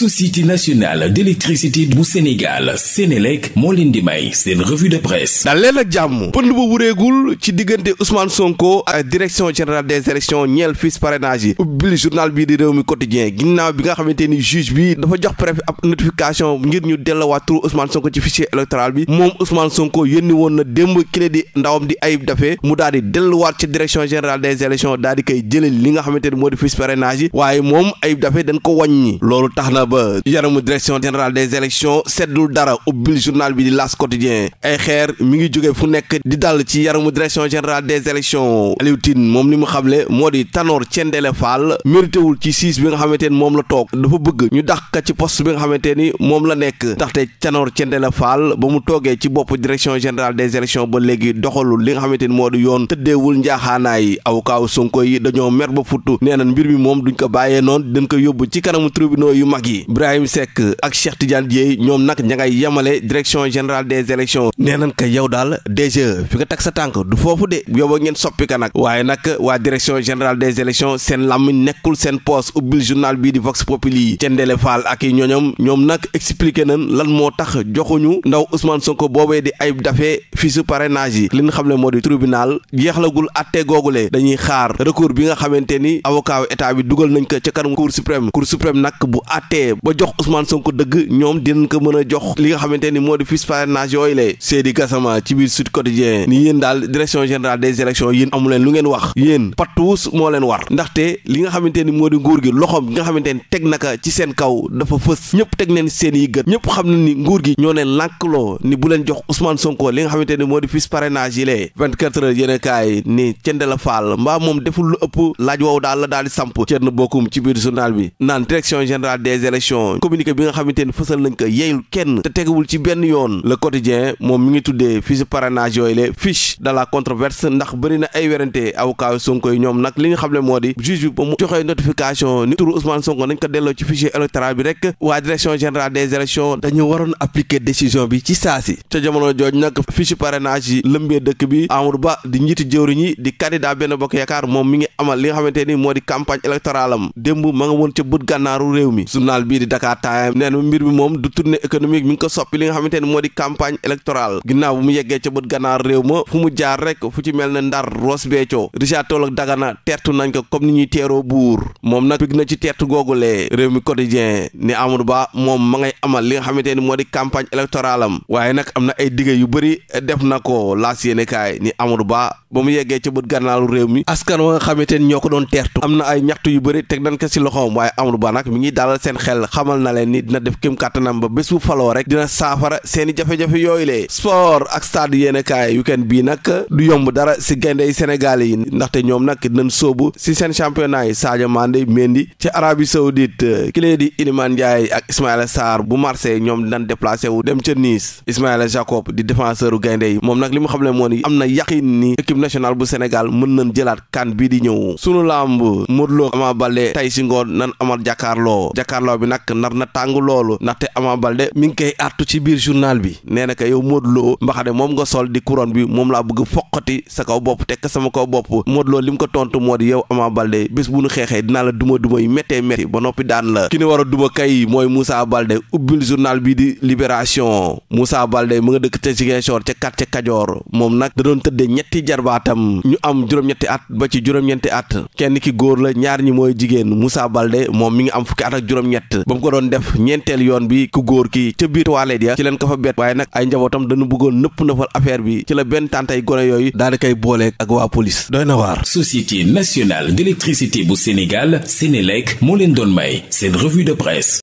société nationale d'électricité bu Sénégal Sénélec moo leen di may seen revue de presse daal leen ak jàmm pënd ba wureegul ci diggante Ousmane Sonko direction générale des élections ñeel fils parrainage ubbil journal bii di réew mi quotidien ginnaaw bi nga xamante ni juge bi dafa jox préfet ab notification ngir ñu delluwaat turu Ousmane Sonko ci fichier électoral bi moom Ousmane Sonko yónni woon na démb kilé di ndawam di Ayib Daffé mu daa di delluwaat ci direction générale des élections daal di koy jëlee li nga xamante ni moo di fils parrainage yi waaye ba yaramu direction générale des élections seddul dara ubbil journal bi di L'As quotidien ay xeer mi ngi jóge fu nekk di dal ci yaramu direction générale des élections Aliou moom li mu xamle moo di Tanor Thiendella Fall méritéwul ci siis bi nga xamante ni moom la toog dafa bëgg ñu dàq ci post bi nga xamante ni moom la nekk ndaxte tanoor Thiendella Fall ba mu toogee ci bopp direction générale des élections ba léegi doxalul li nga xamante ni moo di yoon tëddeewul njaaxaanaay awkaaw Sonko yi dañoo mer ba futt nee na mi moom duñ ko bàyyee noonu dañ ko yóbbu ci kanamu yu mag yi yi Ibrahima Seck ak Cheikh Tidiane Dièye ñoom nag ña ngay direction générale des élections nee nañ ko yow daal DGE fi nga teg sa tànk du foofu de yow ngeen soppi ka nag waaye nag waa direction générale des élections seen làmmiñ nekkul seen poos ubbil journal bii di Vox Populi yi Thiendella Fall ak i ñoñom ñoom nag expliqué nañ lan moo tax joxuñu ndaw Ousmane Sonko boobee di Ayib Daffé fiche parrainage yi li nga xam ne moo di tribunal jeexlagul atte googulee dañuy xaar recours bi nga xamante ni avocat état bi dugal nañ ko ca kanam cour suprême cour suprême nag bu attee ba jox Ousmane Sonko dëgg ñoom dinañ ko mën a jox li nga xamante ni moo di fiche parrainage yooyu lee Seydi Gassama ci biir Sud Quotidien ni yéen daal direction générale des élections yéen amu leen lu ngeen wax yéen pattuus moo leen war ndaxte li nga xamante ni moo di nguur gi loxoom bi nga xamante ni teg naka ci seen kaw dafa fës ñëpp teg neen seen yi gët ñëpp xam ne ni nguur gi ñoo leen lànkloo ni bu leen jox Ousmane xamante ni moo di fiche parrainage yi lee 24 a kaay ni cënd la faal mbaa moom deful lu ëpp laaj woowu daal la daal di samp cënd bokkum ci biir journal bi naan direction générale des élections communiqué bi nga xamante ni fësal nañ ko yeyul kenn te tegewul ci benn yoon le quotidien moom mi ngi tuddee fiche parrainage yooyu le fiche de la controverse ndax bëri na ay werante avocat Sonko yi ñoom nag li nga xam ne moo di juge bi ba mu joxee notification ni turu Ousmane Sonko ko delloo ci fichier électoral bi rek waa direction générale des élections dañu waroon décision bi ci parrainage yi lëmbee dëkk bi Amadou Ba di njiiti jëwriñ yi di candidat benn bokk yaakaar moom mi ngi amal li nga xamante ni moo di campagne électorale am démb ma nga réew mi journal bii di Dakar Time nee na mbir mi moom mi ngi ko soppi li nga xamante ni moo di campagne électorale ginnaaw bu mu yeggee ca bët gànnaaru mu jaar rek fu ci mel ne Ndar Ross Béthio Richard Toll ak Dagana teertu nañ ko comme ni ñuy teeroo buur moom nag pig na ci teertu googulee réew mi quotidien ne Amadou Ba moom ma ngay amal li nga xamante ni moo di campagne électorale am waaye nag am na ay dige yu bëri def na ko laas yéene ni Amadou Ba ba mu yeggee ca bët gànnaaru réew mi askan wa nga xamante ni ñoo ko doon teertu am na ay ñaxtu yu bëri teg nan ko si loxoom waaye Amadou Ba nag mi ngi dalal seen xel xamal na leen ni dina def kéem kàttanam ba bés bu faloo rek dina saafara seeni jafe-jafe yooyu le sport ak stade yéene yu weekend bii nag du yomb dara si gaynde yi Sénégal yi ndaxte ñoom nag dina soobu si seen championnat yi Sadio Mandé Mendy ci Arabie Saoudite ki di Iliman Ndiaye ak Ismaïla Sarr bu Marseille ñoom dinañ déplacé wu dem ca Nice Ismaïla di défenseur u gaynde moom nag li mu xam ne moo ni am na yaqin ni équipe nationale bu Sénégal mën nañ jëlaat kan bii di ñëw sunu lamb Modou Lo Ama Baldé tey si ngoon nan amal jàkkaarloo jàkkaarloo bi nag nar na tàng loolu ndaxte amaa Baldé mi ngi koy artu ci biir journal bi nee na ko yow Modou Lo moom nga sol di couronne bi moom laa bëgg foqati sa kaw bopp tekk sama kaw bopp Modou Lo li mu ko tontu moo di yow Ama Baldé bés bu nu xeexee dina la duma duma yu méttee métti ba noppi daan la ki ne war a duma kay mooy Moussa Baldé ubbil journal bi di Libération Moussa Baldé mu nga quartier Kajoor moom nag da doon tëddee ñetti jarbaatam ñu am juróom-ñetti at ba ci juróom-ñetti at kenn ki góor la ñaar ñi mooy jigéen Moussa Balde moom mi ngi am fukki at ak juróom-ñett ba mu ko doon def ñeenteel yoon bi ku góor ki ca biir toilette ya ci leen ko fa bet waaye nag ay njabootam dañu bëggoon nëpp nëppal affaire bi ci la benn tàntay gone yooyu daal di koy booleeg ak waa police doy na waar société nationale d'électricité bu Sénégal Sénélec moo leen doon may seen revue de presse